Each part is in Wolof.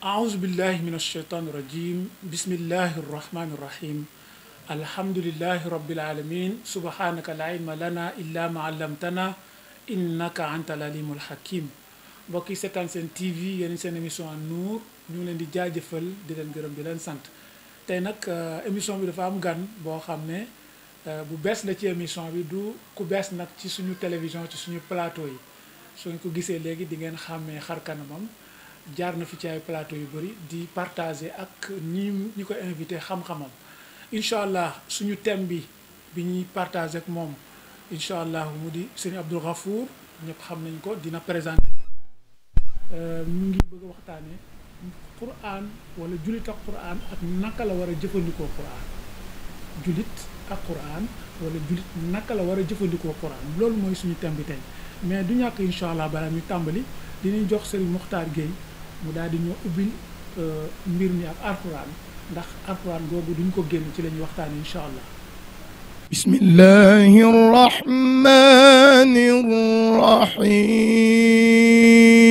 أعوذ بالله من الشيطان الرجيم بسم الله الرحمن الرحيم الحمد لله رب العالمين سبحانك لا علم لنا إلا ما علمتنا إنك أنت العليم الحكيم mbokk yi seetaan seen TV yéen seen émission Nour ñu ngi leen di jaajëfal di leen gërëm di leen sant tey nag euh, émission bi dafa am gan boo xam ne euh, bu bees la ci émission bi du ku bees nag ci suñu télévision ci suñu plateau yi su ngeen ko gisee léegi di ngeen xàmmee xar kanamam jaar na fi ci ay plateau yu bëri di partager ak ñi ñi ko invité xam-xamam incha allah suñu thème bi bi ñuy partager ak moom incha allah mu di sëñ Abdou Ghafour ñëpp xam nañ ko dina présenter euh, ñu ngi bëgg a waxtaane Qur'an wala jullit ak Qur'an ak naka la war a jëfandikoo Qur'an jullit ak Qur'an wala jullit naka la war a jëfandikoo Qur'an loolu mooy suñu thème bi tey mais du ñàkk incha allah balaa ñu tàmbali dinañ jox Serigne Mokhtar Gueye mu daal di ñoo ubbil euh, mbir mi ak alxuraan ndax alxuraan googu duñ ko génn ci la ñuy waxtaan incha allah bismillahi rahmani rahim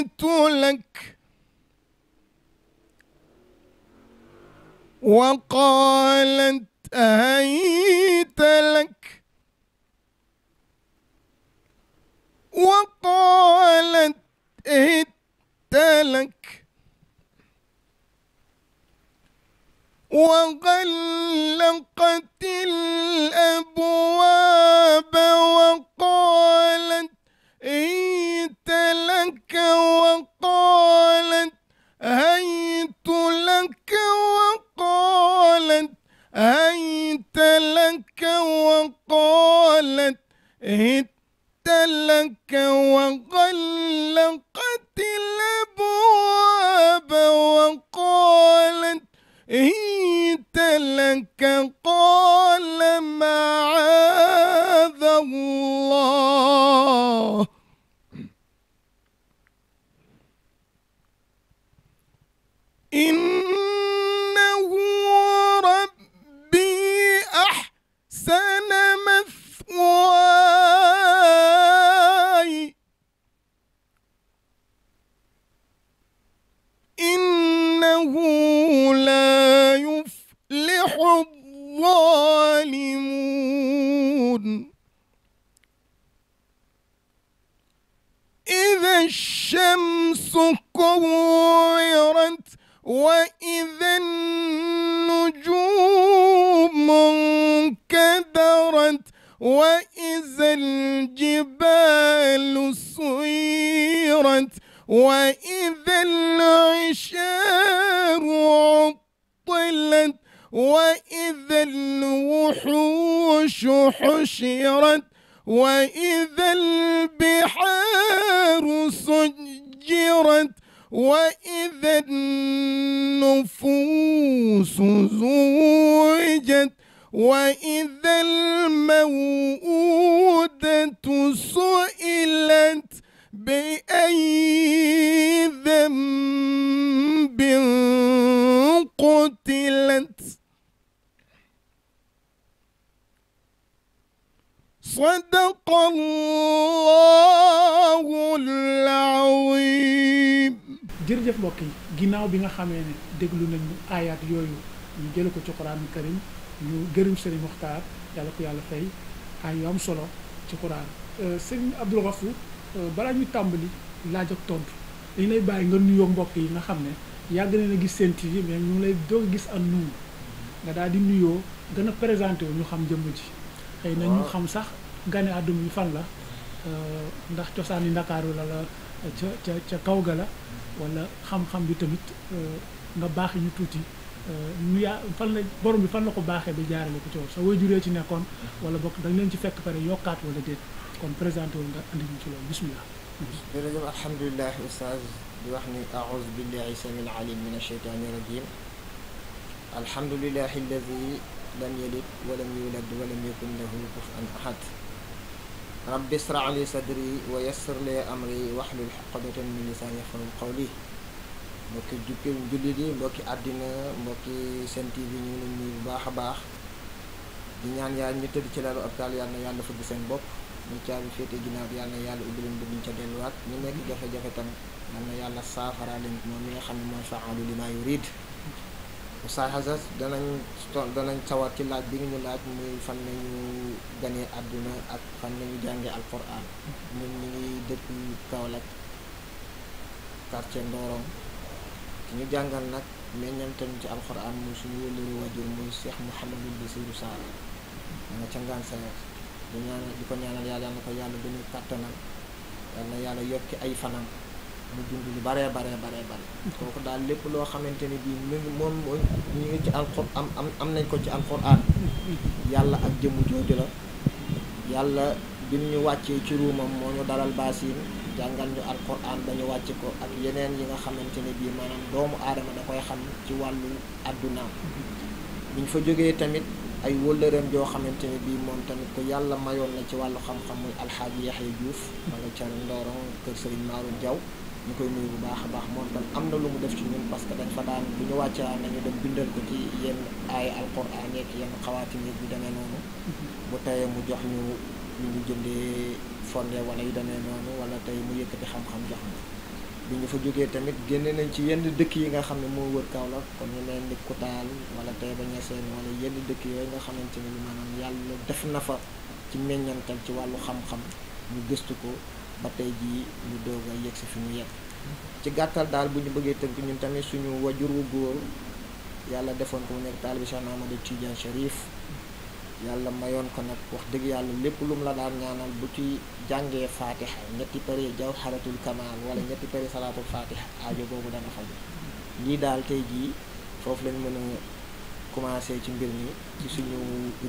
شهدت لك وقالت أهيت لك وقالت هت لك وغلقت الأبواب وقالت إيه هيت لك وقالت هيت لك وقالت هيت لك وقالت هيت لك وغلقت الابواب وقالت هيت لك قالت الوحوش حشرت وإذا البحار سجرت وإذا النفوس زوجت وإذا الموءودة سئلت بأي ذنب قتلت sadaqallahul aziim jërëjëf mbokk yi ginnaaw bi nga xamee ne déglu nañu aayaat yooyu ñu jële ko ci quraanu karim ñu gërëm sëriñ Muxtaar yàlla ko yàlla fay ay yu am solo ci quraan euh, sëriñ Abdou Ghafour euh, balaa ñu tàmbali laaj ak tontu dañu lay bàyyi nga nuyoo mbokk yi nga xam ne yàgg nañ a gis seen TV mais ñu ngi lay doog gis ak nuyu nga daal di nuyoo gën a présenté wu ñu xam jëmm ji xëy na xam sax gane àdduna bi fan la euh, ndax cosaani ndakaaru la la ca ca ca kaw ga la wala xam-xam bi tamit euh, nga baaxi ñu tuuti euh, ñu yaa fan la borom bi fan la ko baaxee bi jaarale ko ci woon sa waajur ci nekkoon wala bokk da leen ci fekk pare yokkaat wala déet kon présenté wul nga andi ci loolu bisimilah. jërëjëf alhamdulilah ustaaz di wax ni aouzu billahi samil alim min asheytaani rajim alhamdulilahi alladi lam yalid walam yulad walam yakun lahu kufuwan ahad rabbi israh li sadri wa yassir li amri wahlul uqdatan min lisani yafqahu qawli mbokki jukke jullit yi mbokki àddina mbokki Sen TV ñu ngi leen bu baax a baax di ñaan yaa ñu tëdd ci lalu hôpital yàlla na yàlla fëgg seen bopp ñu caabi féete ginnaaw yàlla na yàlla ubbi leen bu ñu ca delluwaat ñu nekk jafe-jafe tam yàlla na yàlla saafara leen moom mi nga xam ne mooy fa'alu lima yurid Oustaz Azzas danañ danañ sawar ci laaj bi nga ñu laaj muy fan nañu ganee àdduna ak fan nañu jàngee alquran ñun ñu ngi dëkk Kaolack quartier Ndorong ki ñu jàngal nag meññanteem ci alquran muy suñu wëlëru wajur muy Cheikh Mouhamadou Bassirou Sarr nga ca ngaan sayer di ñaanal di ko ñaanal yàlla na ko yàlla gën a kàttanal yàlla yàlla yokki ay fanam mu dund lu baree baree baree bare kooku daal lépp loo xamante ni bii mu ngi moom mooy ngi ci alxor am am am nañ ko ci alxuraan yàlla ak jëmm jooju la yàlla bi ñu wàccee ci ruumam moo ñu dalal baasin jàngal ñu alxuraan ba ñu wàcce ko ak yeneen yi nga xamante ni bii maanaam doomu aadama da koy xam ci wàllu àddunaam buñ fa jógee tamit ay wëllëreem joo xamante ne bii moom tamit ko yàlla mayoon na ci wàllu xam-xam muy alxaaji yaxya juuf ma nga ca ndooroon kër sëriñ Maaru ñu koy nuyu bu baax a baax moom tam am na lu mu def ci ñun parce que dañ fa daan bu ñu wàccee waan ñu dem bindal ko ci yenn ay alquran yeeg yenn xawaatim yi bu demee noonu mhm. bu teyee mu jox ñu ñu ngi jëndee fonde wala yu demee noonu wala tey mu yëkkati xam-xam jox ñu bi fa jógee tamit génnee nañ ci yenn dëkk yi nga xam ne moo wër la kon ñu leen di Koutal wala Taïba Niassène wala yenn dëkk yooyu nga xamante ne maanaam yàlla def na fa ci meññantal ci wàllu xam ñu gëstu ko ba tey jii ñu doog a yegg si fi mu yegg ci gàttal daal bu ñu bëggee tënk ñun tamit suñu wajur wu góor yàlla defoon ko mu nekk taalibi Cheikh Ahmadou Tidiane Chérif yàlla mayoon ko nag wax dëgg yàlla lépp lu mu la daan ñaanal bu ci jàngee faatiha ñetti pare jawharatul kamal wala ñetti pare salaatul faatiha aajo boobu dana faju lii daal tey jii foofu lañ mën commencé ci mbir mi ci suñu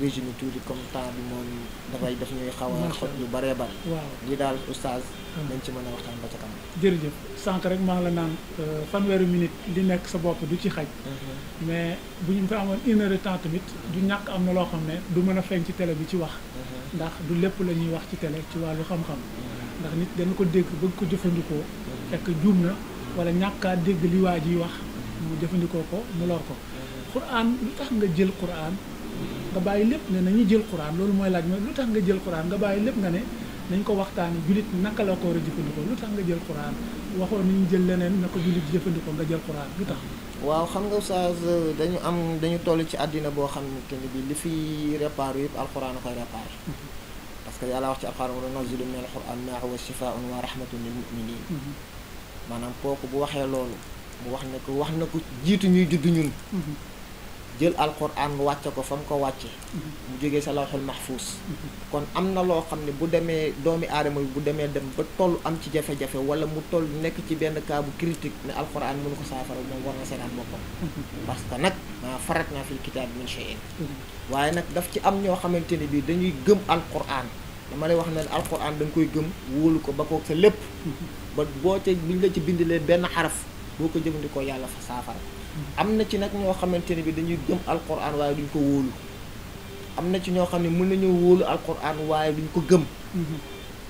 régime tuuti comme temps bi moom dafay def ñuy xaw a xot yu bëree bëri. waaw lii daal oustaz. dañ ah. ci mën a waxtaan ba ca kanam. jërëjëf sànq rek maa la naan euh, fanweeri minute li nekk sa bopp du ci xaj. Mhm. mais bu ñu fa amoon une heure temps tamit du ñàkk am na loo xam ne du mën a feeñ ci télé bi ci wax. Mhm. ndax du lépp la ñuy wax ci télé ci wàllu xam-xam. Mhm. ndax nit dana ko dégg bëgg ko jëfandikoo. fekk juum na wala ñàkkaa dégg li waa jiy wax mu jëfandikoo ko mu ko. quran lu tax nga jël quran nga bàyyi lépp ne nañu jël quran loolu mooy laaj ma lu tax nga jël quran bàyyi lépp nga ne nañ ko waxtaani jullit naka la ko war a jëfandikoo lu tax nga jël quran waxoon nañu jël leneen na ko jullit jëfandikoo nga jël quran lu tax waaw xam nga oustaz dañu am dañu toll ci àddina boo xam ne bi li fi réparé yëpp alquran a koy réparé mhm. parce que yàlla wax ci alquran wa nunazilu min alquran ma huwa shifaun wa rahmatun lil muminin mhm. maanaam kooku bu waxee loolu mu wax na ko wax na ko jiitu ñuy judd ñun mhm. jël mu wàcce ko fa mu ko wàcce mhm. mu jógee sa lawxul mahfuus mhm. kon am na loo xam ne bu demee doomi aadama bi bu demee dem ba toll am ci jafe-jafe wala mu toll nekk ci benn cas bu critique ne alquran mënu ko saafara moom war na seetaan boppam mhm. parce que nag maa farat naa fil kitaab min shay'in waaye nag daf ci am ñoo xamante ni bii dañuy gëm alquran dama lay wax ne alquran da nga koy gëm wóolu ko ba koog sa lépp ba boo ca biñ la ci bindilee benn xaraf boo ko jëfandikoo yàlla fa saafara am na ci nag ñoo xamante ne bi dañuy gëm alquran waaye duñ ko wóolu am na ci ñoo xam ne mën nañoo wóolu alquran waaye duñ ko gëm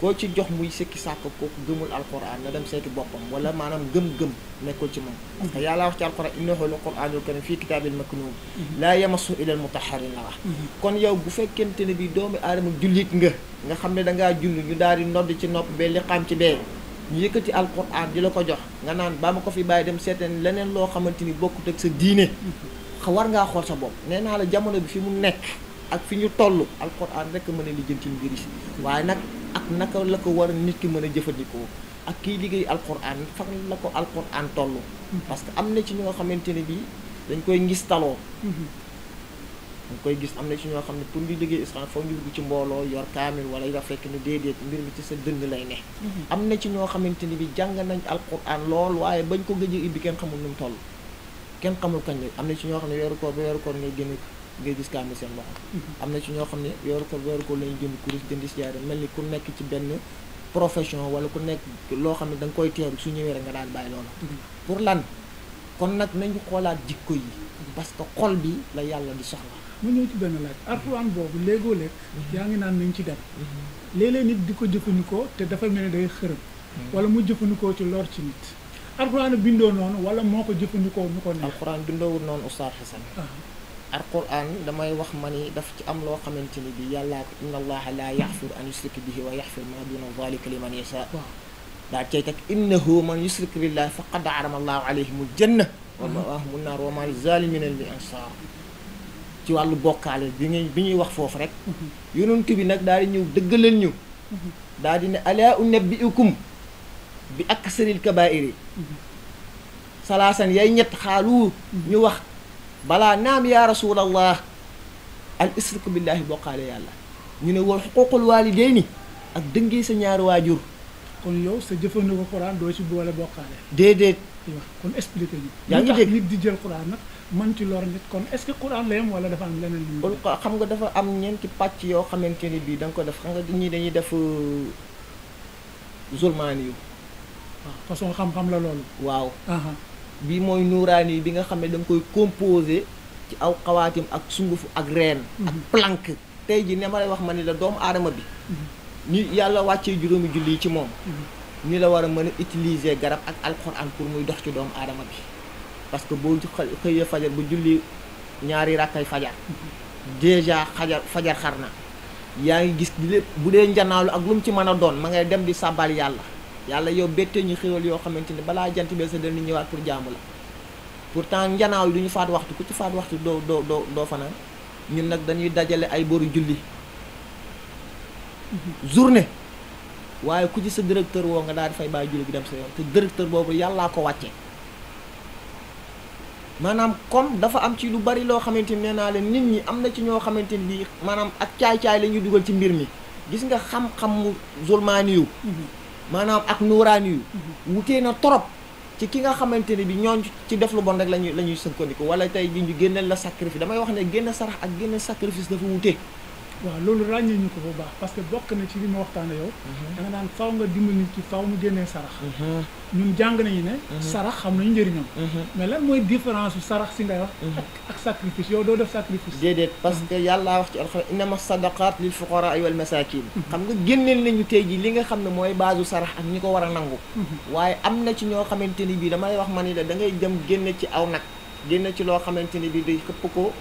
koo ci jox muy sëkki sàkk kooku gëmul alquran na dem seeti boppam wala maanaam gëm-gëm nekkul ci moom mm-hmm. parce que yàlla wax ci alquran innahu la quraanul kariim fii kitaabil maknuun mm-hmm. laa yamassu ilal mutahhariin la mm-hmm. kon yow bu fekkente ne bi doomi aadama jullit nga nga xam ne dangaa julli ñu daal di nodd ci nopp ba li xam ci ñu yëkkati alquran di la ko jox nga naan ba ma ko fi bàyyi dem seetaan leneen loo xamante ni bokkut ak sa diine war ngaa xool sa bopp nee naa la jamono bi fi mu nekk ak fi ñu toll alquran rek mën a lijjanti mbir si waaye nag ak naka la ko war a nit ki mën a jëfandikoo ak kiy liggéey alquran fan la ko alquran toll mm-hmm. parce que am na ci ñoo xamante ne bii dañ koy ngis taloo mm-hmm. nga koy gis am na ci ñoo xam ne pour ñu liggéey ISRA foog ñu dugg ci mbooloo yor kaamil wala nga fekk ni déedéet mbir mi ci sa dënd lay ne mhm. am na ci ñoo xamante ne bi jàng nañ alquran lool waaye bañ ko gëj a ibbi kenn xamul nu xamul kañ la am na ci ñoo xam ne weeru koor ba weeru koor ngay génn ngay gis kaamil seen loxo mhm. am na ci ñoo xam ne yor koor ba weeru koor lañu jënd kuris jënd si yaare mel ni ku nekk ci benn profession wala ku nekk loo xam ne da nga koy teeru su ñëwee rek nga daal bàyyi loolu mhm. pour lan kon nag nañu xoolaat jikko yi parce que xol bi la yàlla di soxla ma ñëw ci benn laaj arxuraan boobu léegoo léeg yaa ngi naan nañ ci dem mhm. léeg nit di ko jëfandikoo te dafa mel ne day xërëm mhm. wala mu jëfandikoo ci loor ci nit arxuraan bindoo noonu wala moo ko jëfandikoo nu ko neex arxuraan bindoowul noonu oustaz Xasan arxuraan ah. damay wax ma ni daf ci am loo xamante ni bi yàllaa ko inna allaha laa yaxfiru an yusrika bihi wa yaxfiru ma duna dalika liman yasha daa cay teg innahu man yusrik billahi faqad arama allahu alayhimul janna wa ma'wahum nnaar wa ma lizalimina min ansaar ci wàllu bokkaale bi ngay bi ñuy wax foofu rek mhm. yonent bi nag daal di ñëw dëggalal ñu mhm. daal di ne alaa unabbi'ukum bi aksaril kabaa'iri mhm. salaasan yay ñett xaalu ñu wax balaa naam yaa rasulallah al isriku billaahi bokkaale yàlla ñu ne wal xuquuqul waalidayni ak dëngee sa ñaari waajur kon yow sa jëfandikoo Quraan doo ci boole bokkaale déedéet kon expliqué ñu yaa ngi nit di jël Quraan nag man ci lor nit kon est-ce que Qur'an la yem wala dafa am leneen lu ñu xam nga dafa am ñeenti pàcc yoo xamante ni bii da ko def xam nga ñii dañuy def euh, zulmaani yu waaw ah, façon xam la loolu waaw bii mooy nuuraani bi nga xam ne da koy composé ci aw xawaatim ak sungufu ak reen ak mhm. plank tey ji ne ma lay wax ma ni la doomu aadama bi mhm. ni yàlla wàccee juróomi julli ci moom mhm. ni la war a mën a utiliser garab ak alxuraan pour muy dox ci doomu aadama bi parce que boo xëyee fajar bu julli ñaari rakkay fajar déjà xajar fajar xar na yaa ngi gis di lépp bu dee njanaalu ak lu mu ci mën a doon ma ngay dem di sàbbal yàlla yàlla yow bettee ñu xéwal yoo xamante ni balaa jant bee sa dal ni ñëwaat pour jaamu la pourtant njanaaw lu ñu faat waxtu ku ci faat waxtu doo doo doo doo fanaan ñun nag dañuy dajale ay boru julli journée waaye ku ci sa directeur woo nga daal di fay bàyyi julli bi dem sa yoon te directeur boobu yàllaa ko wàccee maanaam comme dafa am ci lu bari loo xamante ni nee naa leen nit ñi am na ci ñoo xamante ni bii maanaam ak caay-caay la ñuy dugal ci mbir mi gis nga xam-xamu zulmaani yu maanaam ak nuuraani yu wutee na torop ci ki nga xamante ne bi ñooñ ci def lu bon rek lañuy la ñuy sënkandiku wala tey ji ñu génneel la sacrifice damay wax ne génn sarax ak génn sacrifice dafa wute waaw loolu ràññee ñu ko bu baax parce que bokk na ci li ma waxtaane yow mhm. da nga naan faw nga dimbali nit ki faw mu génnee sarax mhm. ñun jàng nañu ne mhm. sarax xam nañu njëriñam mais lan mooy différence su sarax si ngay wax ak sacrifice yow doo def sacrifice déedéet parce que yàllaa wax ci alxuraan innama sadaqat lil fuqaraa wal masakin xam nga génneel nañu tey ji li nga xam ne mooy baasu sarax ak ñi ko war a nangu waaye am na ci ñoo xamante ni bii damay wax man ni la da ngay dem génne ci aw nag génn ci loo xamante ni bi day xëpp ko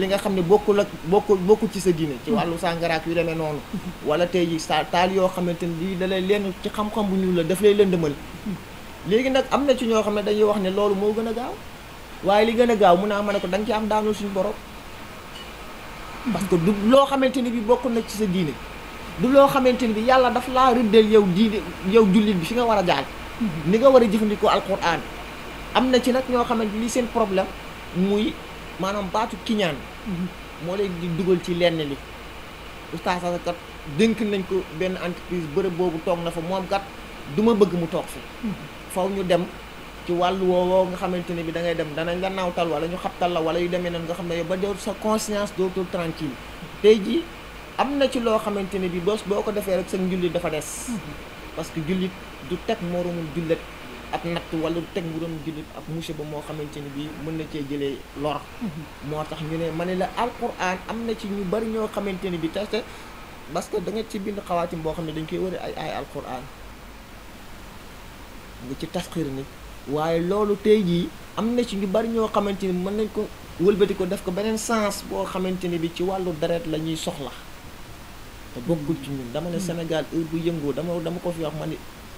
li nga xam ne bokkul ak bokkul bokkul ci sa diine ci mm-hmm. wàllu sàngaraak yu demee noonu wala tey ji sa taal yoo xamante ni bii da lay ci xam-xam bu ñu la daf lay lëndëmal mm-hmm. léegi nag am na ci ñoo xam ne dañuy wax ne loolu moo gën a gaaw waaye li gën gaaw mun naa ma ne ko da nga am daanul suñu borom mm-hmm. parce que du loo xamante ni bi bokk na ci sa diine du loo xamante ni bi yàlla daf laa rëddeel yow diine yow jullit bi fi nga war a jaar ni nga war a jëfandikoo alquran am na ci nag ñoo xamante li seen problème muy maanaam baatu kiñaan mhm. moo leen di dugal ci lenn li oustaz kat dénk nañ ko benn entreprise bërëb boobu toog na fa moom kat du ma bëgg mu toog fi mhm. faw ñu dem ci wàllu woowoo nga xamante ne bi da dem danañ la nawtal wala ñu xabtal la wala yu demee noonu nga xam ne ba dootul sa conscience dootul tranquille mhm. tey jii am na ci loo xamante ne bi bos boo ko defee rek sa njullit dafa des parce que jullit du teg moroomum jullit ab natt wala teg mburoom jullit ab ba moo xamante ni bii mën na cee jëlee lor mhm. moo tax ñu ne man ne la alquran am na ci ñu bari ñoo xamante ni bi te parce que da nga ci bind xawaatim boo xam ne dañ koy wëri ay ay alquran nga ci tafxir ni waaye loolu tey jii am na ci ñu bari ñoo xamante ni mën nañ ko wëlbati ko def ko beneen sens boo xamante ni bi ci wàllu deret la ñuy soxla te bokkul ci ñun dama ne mhm. Sénégal heure bu yëngoo dama dama ko fi wax ma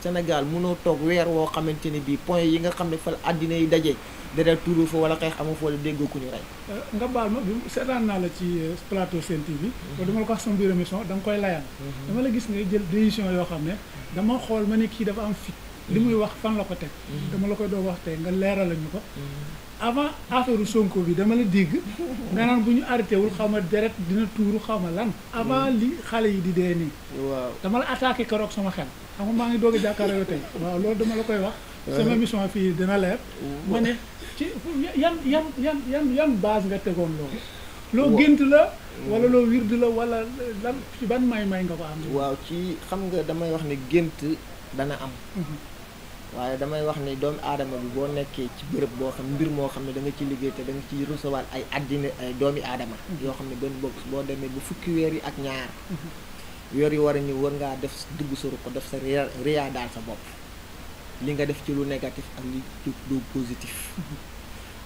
Sénégal mënoo toog weer woo xamante ni bii point yi nga xam ne fa àddina yi daje dara tuuru fa wala xeex amu foo wala dégg ku ñu rey. Euh, nga baal ma bi seetaan naa la ci euh, plateau Sen TV. ba mhm. dama la ko wax sama biir émission da nga koy layal. Mhm. dama la gis ngay jël décision yoo xam ne dama xool ma ne kii dafa am fit. li muy wax fan la ko teg. Mm-hmm. dama la koy doo wax tey nga leeral lañu ko. Mm-hmm. avant affaire Sonko bi dama la dégg. nga naan bu ñu arrêté wul xaw ma deret dina tuuru xaw ma lan. avant mm-hmm. li xale yi di dee nii. waaw dama la attaqué keroog sama xel. xam nga maa ngi doog a jàkkaarloo tey waaw loolu dama la koy wax. sama mission fii dina leer. ma ne ci yan yan yan yan yan base nga tegoon loolu. loo gént la. wala loo wird la walla lan ci ban may-may nga ko am. waaw ci xam nga damay wax ne gént dana am. waaye damay wax ni doomu aadama bi boo nekkee ci bërëb boo xam mbir moo xam ne da nga ci liggéey te da nga ci recevoir ay àddina ay doomi aadama yoo xam ne benn bopp boo demee bu fukki weer yi ak ñaar weer yi war a ñëw war ngaa def dugg sa ruq def sa riyaa daal sa bopp li nga def ci lu négatif ak li lu positif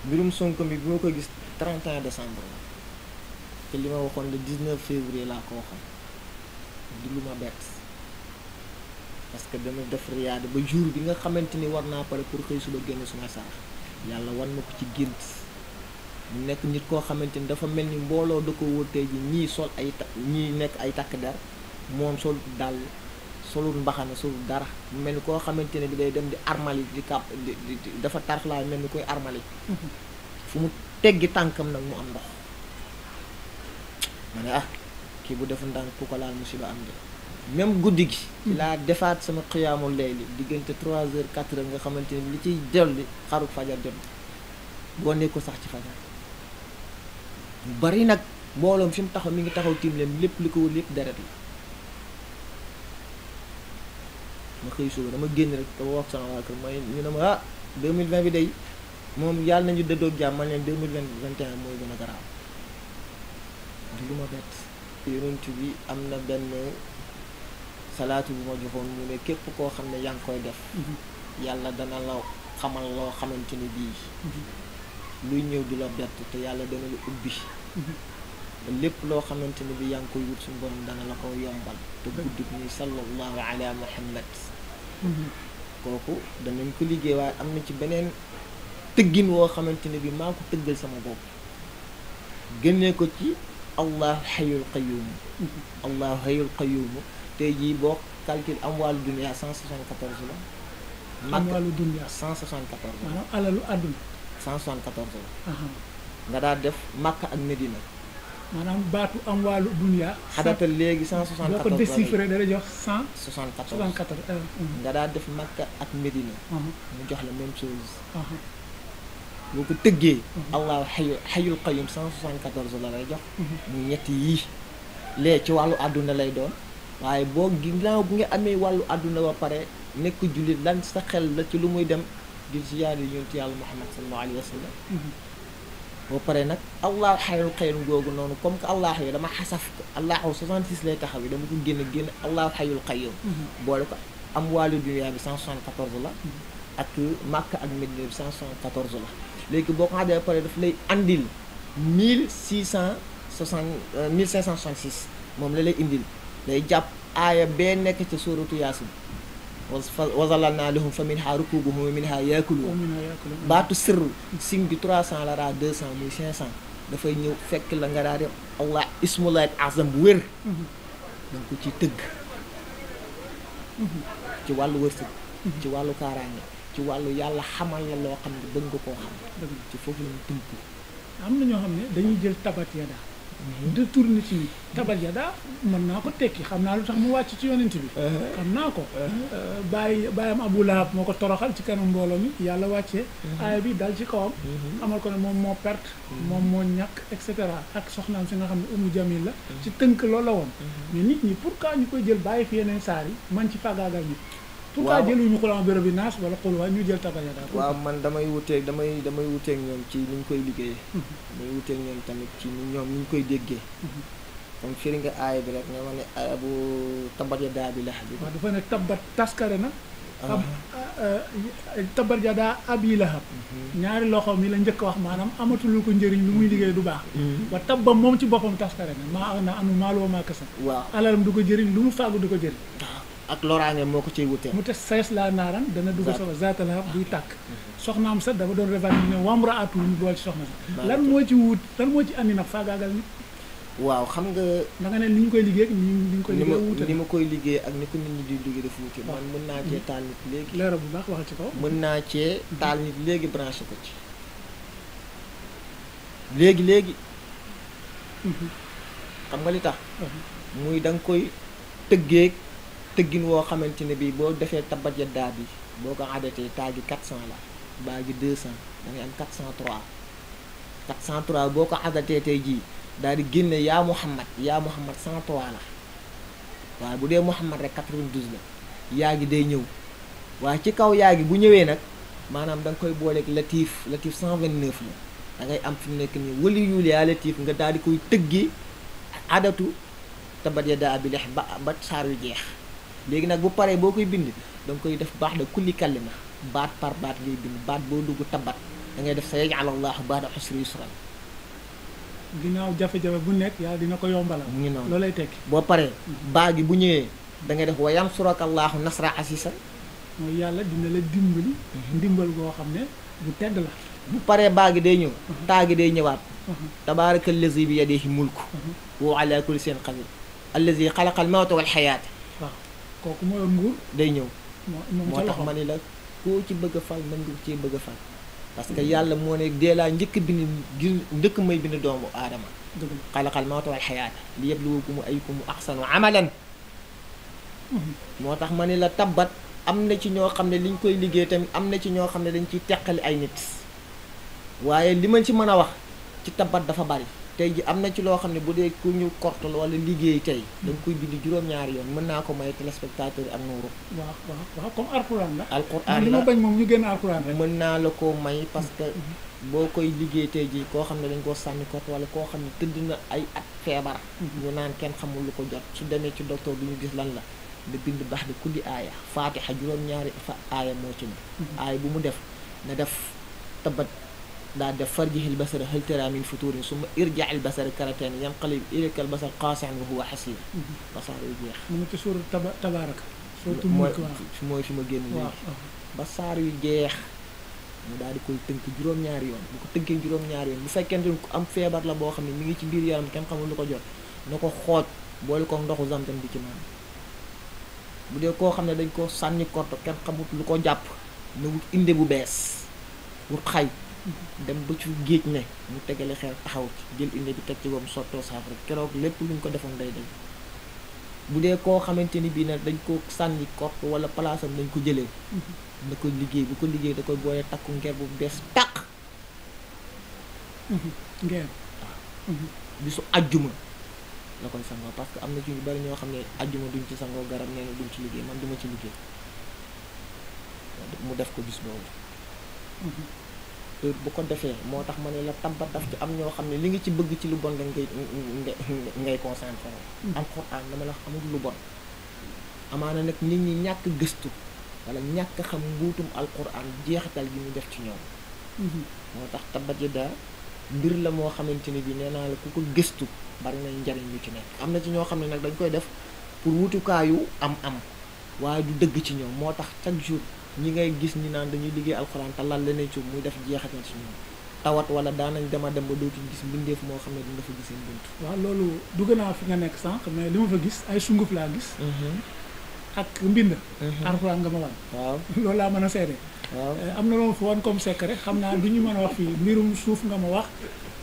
mbirum Sonko bi bi ma ko gis 31 décembre la te li ma waxoon le 19 février laa ko waxoon di lu ma bett parce que dama def riyaada ba jur bi nga xamante ni war naa pare pour xëy suba génn suma sarax yàlla war na ko ci gént mu nekk nit koo xamante ni dafa mel ni mbooloo da ko wër tey ji ñii sol ay ta ñii nekk ay takk der moom sol dàll solul mbaxane solul dara mu mel ni koo xamante ne bi day dem di armali di kàpp di dafa tarxlaay mel ni koy armali fu mu teggi tànkam nag mu am ndox ma ne ah kii bu def ndànk ku ko laal musiba am de même guddi gi laa defaat sama xiyaamul lay li diggante trois heures quatre heures nga xamante ni li ciy delli xaru fajar jot boo nekkul sax ci fajar bu bari nag mbooloom fi mu taxaw mi ngi taxaw tiim leen lépp li ko wër lépp deret la ma xëy suba dama génn rek dama wax sama waa kër mooy ñu ne ma ah 2020 bi day moom yàlla nañu dëddoog jàmm man leen 2021 mooy gën a garaaw du lu ma bett yonent bi am na benn xalaatu bu ma joxoon ñu ne képp koo xam ne yaa ngi koy def mhm. yàlla dana la xamal loo xamante ni bii mhm. luy ñëw du la bett te yàlla dana la ubbi mhm. lépp loo xamante ni bi yaa ngi koy wut suñu borom dana la ko yombal te guddi ni sallallahu ala muhammad kooku danañ ko liggéey waaye am na ci beneen tëggin woo xamante ni bi maa ko tëggal sama bopp génne ko ci allahu xayul qayumu allahu xayul qayumu tey jii boo calcul am wàllu dunia 174 la. am wàllu dunia 174 la. maanaam alalu àdduna. 174 la. nga daal def Makka ak Medina. maanaam baatu am wàllu dunia. xadatal léegi 174 boo ko da dara jox 174 174. Euh, nga daa def Makka ak Medina. mu jox la même chose. boo ko tëggee. allahu xayu xayul qayum 174 la lay jox. mu ñetti yii. lee ci wàllu àdduna lay doon. waaye boo ginnaaw bi nga amee wàllu àdduna ba pare nekk jullit lan sa xel la ci lu muy dem di ziyaar yi yonent yàlla Muhammad sallallahu alayhi wa sallam boo pare nag allah xayrul xayrum googu noonu comme que allah yi dama xasaf ko allahu 66 lay taxaw yi dama ko génn génn allah xayrul xayrum boole ko am wàllu dunya bi 174 la ak Màkka ak Medina bi 174 la léegi boo ko xamee pare daf lay andil 1660 1566 euh, moom la lay indil day jàpp aaya bee nekk ca suuratu yaasin wasalal naa lahum fa minha rukubuhum wa minha yaakuluun baatu sër sim bi 300 la raa 200 muy 500 dafay ñëw fekk la nga daa def allah ismullah al azam bu wér mhm. da ko ci tëgg mhm. ci wàllu wërsëg mhm. ci wàllu kaaraange ci wàllu yàlla xamal la loo xam ne bëgg ko koo xam ci foofu lañu tënk am na ñoo xam ne dañuy jël tabat di tur nit ñi tabal yada mën naa ko tekki xam naa lu tax mu wàcc ci yonent bi eh. xam naa ko bàyyi eh. bàyyam Abu Lahab moo ko toroxal ci kanam mbooloo mi yàlla wàcce mm-hmm. aaya bi dal ci kawam mm-hmm. xamal ko ne moom moo perte mm-hmm. moom moo ñàkk et cetera ak soxnaam si nga xam ne Umu Jamil la ci tënk loolu la woon mais nit ñi pour pourquoi ñu koy jël bàyyi fi yeneen saar yi man ci faagaagal nit pourquoi jëluñu xul am béréb bi naas wala xul waay ñu jël tabayada waaw man damay wuteeg damay damay wuteeg ñoom ci ni koy liggéeyee mhm. damay wuteeg ñoom tamit ci ni ñoom ni ñu koy déggee mhm. comme firi nga aaya bi rek bu tabat daa bi lax dafa ne tabat na ah. ab ah, eh, tabat ya daa ab mhm. ñaari loxo mi la njëkk wax maanaam amatul ko njëriñ lu muy liggéey du baax wa tabba moom ci boppam taskare na maa na anu maa waaw alalam du ko jëriñ lu mu fàggu du ko jëriñ ah. ak loraange moo ko ciy wutee mu te sayes laa naaran dana dugg soxla zaatala buy tàkk soxnaam sax dafa doon revenir ne wamra atu ñu lan moo ci wut lan moo ci andi nag faagaagal nit waaw xam nga da nga ne ni ñu koy liggéey ak ni ñu koy liggéey wuute ni ma koy liggéey ak ni ko nit ñi di liggéey dafa wuute man mën naa cee taal nit léegi leeral bu baax waxal ci kaw mën naa cee taal nit léegi branché ko ci léegi léegi mhm. xam nga li tax mhm. muy danga koy tëggeeg tëggin woo xamante ne bii boo defee tabat yaddaa bi boo ko taa adatee taagi cent la baa gi 200 da ngay am 403 403 boo ko adatee tey jii daal di génne yaa Muhammad yaa Muhammad 103 la waaye bu dee Muhammad rek 92 la yaa gi day ñëw waaye ci kaw yaa gi bu ñëwee nag maanaam da nga koy booleeg Latif Latif 129 la da ngay am fi mu nekk nii wali yuul yaa Latif nga daal di koy tëggi adatu tabat yaddaa bi lex ba ba saar yu jeex. léegi nag bu paree boo koy bind da nga koy def baax da kulli kallima baat par baat ngay bind baat boo dugg tabaat da def sa yaj alallaahu baada xusri yusran ginnaaw jafe-jafe bu nekk yàlla dina ko yombalal mu ngi noonu loolay tekki boo paree baa gi bu ñëwee da ngay def wa yansuraka allaahu nasra asisa mooy yàlla dina la dimbali mhm. ndimbal goo xam ne bu tedd la paree baa gi day ñëw mhm. taagi day ñëwaat mhm. tabaaraka allazi bi yadihi ko wa ala kulli seen qadir allazi xalaqa al mawta wal xayaata kooku mooy nguur day ñëw moo tax ma ni la koo ci bëgg a fal mën nga cee bëgg a fal parce que mm-hmm. yàlla moo ne dee njëkk bind njëkk may bind doomu aadama xalaqal mawta wal xayaata li yabluwakum ayyukum ahsanu amalan mm-hmm. moo tax ma ne la tabbat am na ci ñoo xam ne liñ koy liggéey tamit am na ci ñoo xam ne dañ ciy teqali ay nit waaye li ma ci mën a wax ci tabat dafa bari tey ji am na ci loo xam ne bu dee ku ñu la wala liggéey tey da koy bind juróom-ñaari yoon mën naa ko may téléspectateur yi am na ruq waaw waaw comme alquran la alquran la li ma mën naa la ko may parce que mm-hmm. boo koy liggéey tey ji koo xam ne dañ koo sànni kort wala koo xam ne tëdd na ay at feebar mm-hmm. ñu naan kenn xamul lu ko jot su demee ci docteur bi ñu gis lan la da bind baax di kulli aaya faatixa juróom-ñaari fa aaya moo ci ne mm-hmm. aaya bu mu def na def tabat daa def farjihil basara hal tara min futurin summa irja'il basara karratayn yanqalib ilayka al-basar qaasi'an wa huwa hasiir. basar yu jeex. mu ngi ci suur taba tabaaraka. surtout mooy su fi ma génn léegi. basaar yu jeex. mu daal di koy tënk juróom-ñaari yoon bu ko tënkee juróom-ñaari yoon bu fekkente ni ku am feebar la boo xam ne mu ngi ci biir yaram kenn xamul lu ko jot na ko xooj boole ko ndoxu zamzam di ci naan bu dee koo xam ne dañ ko sànni korto kenn xamut lu ko jàpp na wut inde bu bees wut xay dem ba ci géej ne mu tegale xeer taxaw ci jël indi bi teg ci boobu sottoo saafara keroog lépp luñ ko defoon day dem bu dee koo xamante ni bii nag dañ ko sànni kort wala palaasam dañ ko jëlee na mm-hmm. ko liggéey bu ko liggéey da koy boole takku ngeer bu bees tàq mm-hmm. ngeer mm-hmm. bisu ajjuma la koy sangoo parce que am na ci ñu bari ñoo xam ne ajjuma duñ ci sangoo garab nee na duñ ci liggéey man duma ci liggéey mu def ko bis boobu heure bu ko defee moo tax ma ne la tabba daf ci am ñoo xam ne li nga ci bëgg ci lu bon la ngay ngay concentré alxuraan hmm. dama la wax lu bon amaana nag nit ñi ñàkk gëstu wala ñàkk xam mbuutum alxuraan jeexital gi mu def ci ñoom hmm. moo tax tabbat yi daa mbir la moo xamante ni bi nee naa la ku ko gëstu bari na njariñ lu ci nekk am na ci ñoo xam ne nag dañ koy def pour wutukaayu am am waaye du dëgg ci ñoom moo tax chaque jour ñi ngay gis ñi naan dañuy liggéey alxuraan te lal leneen ci muy def jeexatal si ñoom tawat wala daanañ dama dem ba dootuñ gis mbindeef moo xam ne dina fa gis seen bunt. waaw loolu dugg naa fi nga nekk sànq mais li ma fa gis ay sunguf laa gis. Mhm. ak mbind. Mhm. alxuraan nga ma wan. waaw loolu laa mën a seede. waaw eh, am na loolu fa wan comme rek xam naa du ñu mën a wax fii mbirum suuf nga ma wax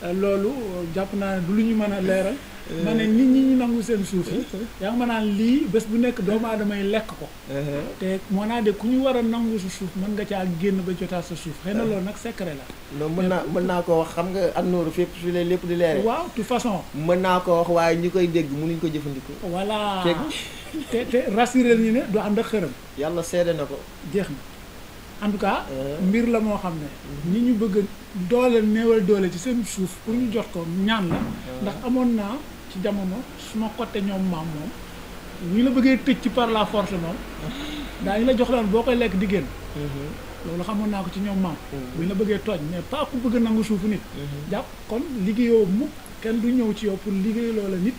eh, loolu jàpp naa du lu ñu mën a leeral. Euh, ma ne nit ñi ñu nangu seen suuf yi. yaa ma naan lii bés bu nekk doomu aadama yi lekk ko. Uh-huh. te moo naa de ku ñu war a nangu suuf mën nga caa génn ba jotaat sa suuf. xëy lool nag secret la. non mën naa mën naa ko wax xam nga am nooru fépp su leen lépp di leere. waaw de façon. mën naa ko wax waaye ñi koy dégg nu ñu ko jëfandikoo. voilà te te rassuré ñu ne doo am ak xërëm. yàlla seede na ko. jeex na en tout cas. Uh-huh. mbir la moo xam ne. Uh-huh. ñi ñu bëgg doole néewal doole ci seen suuf pour ñu jot ko ñaan la. ndax amoon naa. ci jamono suma côté ñoom maam moom ñu la bëggee tëj ci par la force moom daañu la jox laan boo koy lekk di génn loolu xamoon naa ko ci ñoom maam bu ñu la bëggee tooñ mais pas ku bëgg nangu suufu nit jàpp kon liggéeyoo mukk kenn du ñëw ci yow pour liggéey loola nit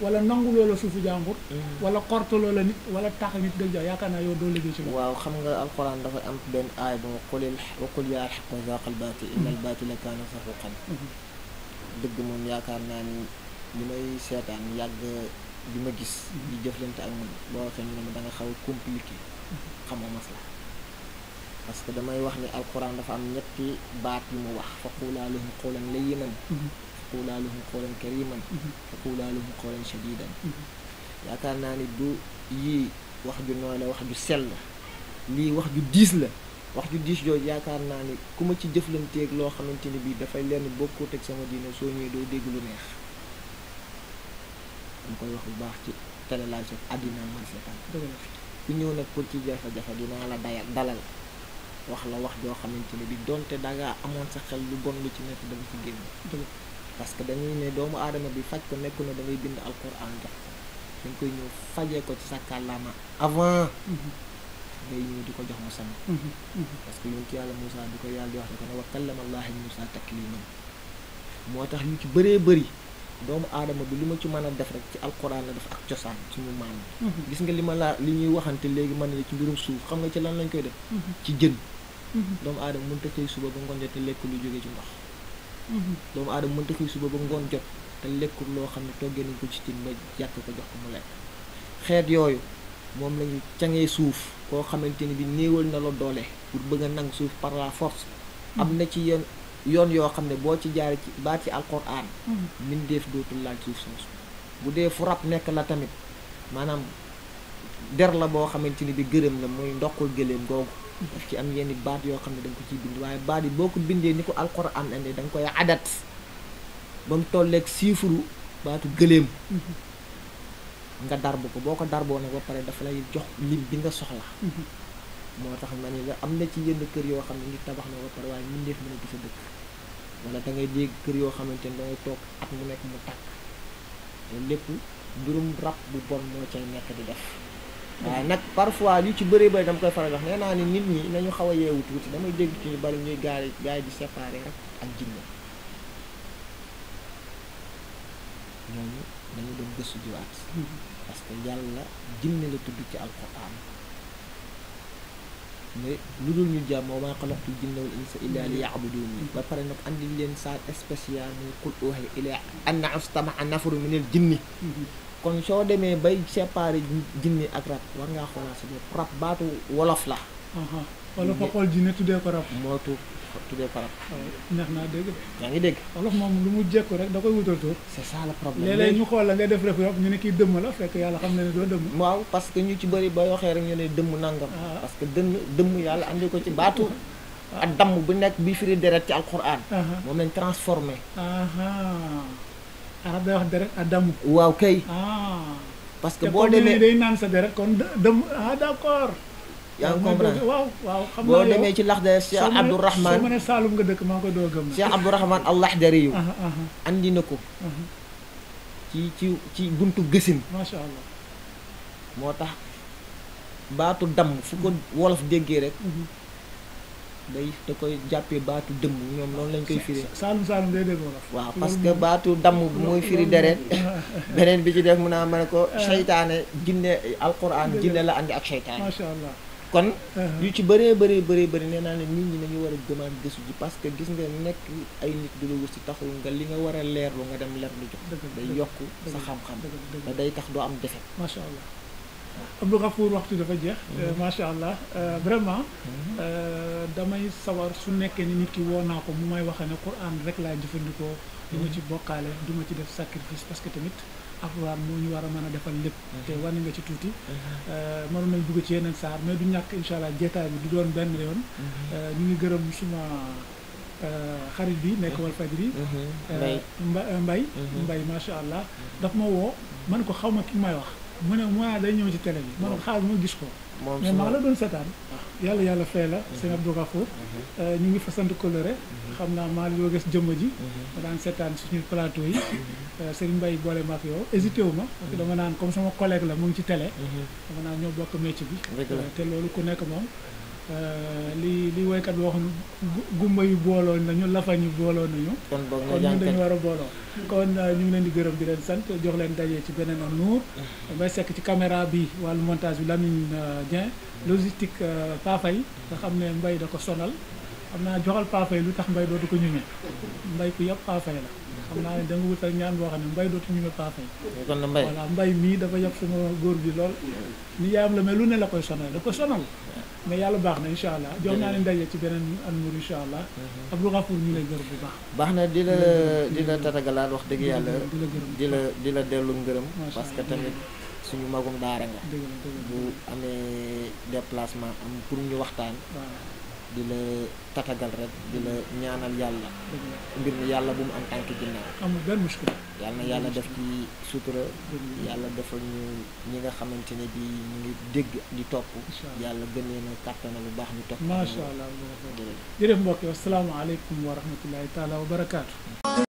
wala nangu loola suufu jàmbur wala korte loola nit wala tax nit dël jaw yaakaar naa yow doo liggéey ci loolu waaw xam nga alxuraan dafay am benn aay bu qul waqul yaa alxaq wa zaaqal baati inna al baatila kaana zahuuqan mhm. yaakaar naa ni li may seetaan yàgg bi ma gis di jëflante ak man boo waxee ñu ne ma da nga xaw a compliqué xamoo maslaa parce que damay wax ni alquran dafa am ñetti baat yu mu wax fa quulaa lahum qawlan layyinan fa quulaa lahum qawlan kariman fa quulaa lahum qawlan shadidan yaakaar naa ni du yii wax ju nooy la wax ju sell lii wax ju diis la wax ju diis yooyu yaakaar naa ni ku ma ci jëflanteeg loo xamante ni bii dafay lenn bokkut ak sama diine soo ñëwee doo dégg lu neex dama koy wax bu baax ci télé laay seet àddina man seetaan ku ñëw nag pour ci jafe-jafe dinaa la dayal dalal wax la wax joo xamante ne bi donte dangaa amoon sa xel lu bon lu ci nekk dama ci génn parce que dañuy ne doomu aadama bi faj ko nekku ne da bind alquran jox dañ koy ñëw fajee ko ci sa avant mm-hmm. ngay ñëw di ko jox mu sama mm-hmm. mm-hmm. parce que yonent yàlla Moussa bi ko yàlla di wax ne ko ne wa kallama Allaahi moo tax yu ci bëree bëri doomu aadama bi li ma ci mën a def rek ci alxuraan la def ak cosaan suñu maam mhm. gis nga li ma laa li ñuy waxante léegi man la ci mbirum suuf xam nga ci lan lañ koy def mhm. ci jën mhm. doomu aadama mënta xëy suba ba ngoon jot te lekk lu jóge ci ndox doomu aadama mënta xëy suba ba ngoon jot te lekkul loo xam ne toggee nañ ko ci cin ba yàq ko jox ko mu lekk xeet yooyu moom lañu cangee suuf koo xamante ni bi néewal na la doole pour bëgg a nangu suuf par la force am na ci yenn yoon yoo xam ne boo ci jaaree ci baa ci alquran mhm. mbindeef dootul laal suuf soosu bu dee fu rab nekk la tamit maanaam der la boo xamante ni bi gërëm la muy ndoxul gëléem googu ci am yenn baat yoo xam ne da nga ko ciy bind waaye baat yi boo ko bindee ni ko alquran ande da nga koy adat ba mu tolleeg siifuru baatu gëléem mhm. nga darbu ko boo ko darboo nag ba pare dafa lay jox lim bi nga soxla mhm. moo tax ma ne la am na ci yenn kër yoo xam ne ngi tabax na ba pare waaye mbindeef mën a gis a dëkk wala da ngay dégg kër yoo xamante ni da toog at mu nekk mu tàkk loolu lépp mbirum rab bu bon moo cay nekk di def waaye nag parfois yu ci bëree bëri dama koy faral wax nee naa ni nit ñi nañu xaw a yeewu tuuti damay dégg ci ñu bari ñuy gaari gaay di séparé rek ak jinne ñooñu dañu doon gëstu jiwaat mm-hmm. parce que yàlla jinne la tudd ci alquran ne lu dul ñu jàmm wa maa xalaqtul jinna wal insa illa li ya'buduni ba pare nag andi leen saa spécial muy qul uhiya ilayya anna istama'a nafaru minal jinni kon soo demee bay séparé jinni ak rab war ngaa xoolaat sa rab baatu wolof la wala fa xool jinne tuddee ko rab mootu tuddee ko neex naa dégg. yaa ngi dégg. wolof moom lu mu jékku rek da koy wutal tur. c'est ça le problème léeg ñu xool la nga def rek rab ñu ne kii dëmm la fekk yàlla xam na ne doo dëmm. waaw parce que ñu ci bëri ba ah. parce que dënn dëmm yàlla andi ko ci baatu. Ah. ak damm bu nekk bi firi deret ci alquran. Ah. moom lañ transformé. arab day wax deret ak damm. waaw kay. parce que boo demee day naan sa deret kon dëmm ah d'accord. yaa ngi comprendre waaw waaw xam naa boo demee ci laxdari Cheikh Abdourahman soo ma ne Saalum nga dëkk maa ngi koy doog a gëm Cheikh Abdourahman al yu andi na ko ci ci ci buntu gësin moo tax baatu damm fu ko wolof déggee rek mhm. day da koy jàppee baatu dëmm ñoom loolu lañ koy firi saalum saalum day dégg wolof waaw parce que baatu damm bi mooy firi deret beneen bi ci def mun naa ma ne ko seytaane jinne alquran jinne la andi ak seytaane kon uh-huh. yu ci bëree bëree bëree bëri nee naa ne nit ñi nañu war a demande gëstu ji parce que gis nga nekk ay nit di la wër si taxul nga li nga war a leerlu nga dem leerlu jox day yokk sa xam-xam te day tax doo am defet macha allah Abdou Gafour waxtu dafa jeex mm-hmm. euh, macha allah euh, vraiment mm-hmm. euh, damay sawar su nekkee ni nit ki woo naa ko mu may waxee ne Quran rek laa jëfandikoo lu mm-hmm. ma ci bokkaale du ma ci def sacrifice parce que tamit alxuraan moo ñu war a mën a defal lépp mm-hmm. te war na nga ci tuuti mm-hmm. euh, mënoon may dugg ci yeneen saar mais du ñàkk incha allah jeetaay bi du doon benn yoon mm-hmm. euh, ñu ngi gërëm suma euh, xarit bi nekk wal fajri mbay mbay macha allah daf ma woo man ko xaw ma ki may wax mu ne moi day ñëw ci télé bi man ko xaar ma gis ko mais la doon setaan yàlla yàlla fay la mhm. seen Abdou Gafour mhm. euh, ñu ngi fasant coloré mhm. xam naa maa yoo gis jëmm ji ma daan seetaan suñu plateau yi euh, Serigne mbay boole maak yow hésité wu ma parce que dama naan comme sama collègue la mu ngi ci télé dama naan ñoo bokk métier bi euh, te loolu ku nekk moom Euh, li li woykat bi waxoon gumba yu booloo nañu lafañ yu booloo nañu kon ñun dañu war a booloo kon euh, ñu ngi leen di gërëm di leen sant jox leen daje ci beneen ak nuur mm-hmm. sekk ci caméra bi wàllu montage bi Lamine euh, Dieng mm-hmm. logistique Pafay nga xam ne mbay da ko sonal xam naa joxal Pafay lu tax mbay dootu ko ñumee mbay ku yëpp Pafay la xam naa ne da nga wutal ñaan boo xam ne mbay dootu ñumee Pafay voilà mbay mii dafa yëpp sama góor bi lool ni yaayam la mais lu ne la koy sonal da ko sonal mais yàlla baax na incha allah jox naa leen daje ci beneen almur incha allah. Mhm. Abdou Khafour ñu lay gërëm bu baax. na di la di la tatagalaat wax dëgg yàlla. di la di la di la dellu ngërëm. parce que tamit suñu magum daara nga. bu amee déplacement am pour ñu waxtaan. di la tatagal rek di la ñaanal yàlla mbir mi yàlla bu mu am tànk ginnaaw amul benn muskil yàlla yàlla def ci sutura yàlla defal ñu ñi nga xamante ne bi ñu ngi dégg di topp yàlla gën leen a kàttana lu baax ñu topp macha allah jërëjëf mbokk yi asalaamaaleykum wa rahmatullahi taala wa barakaatu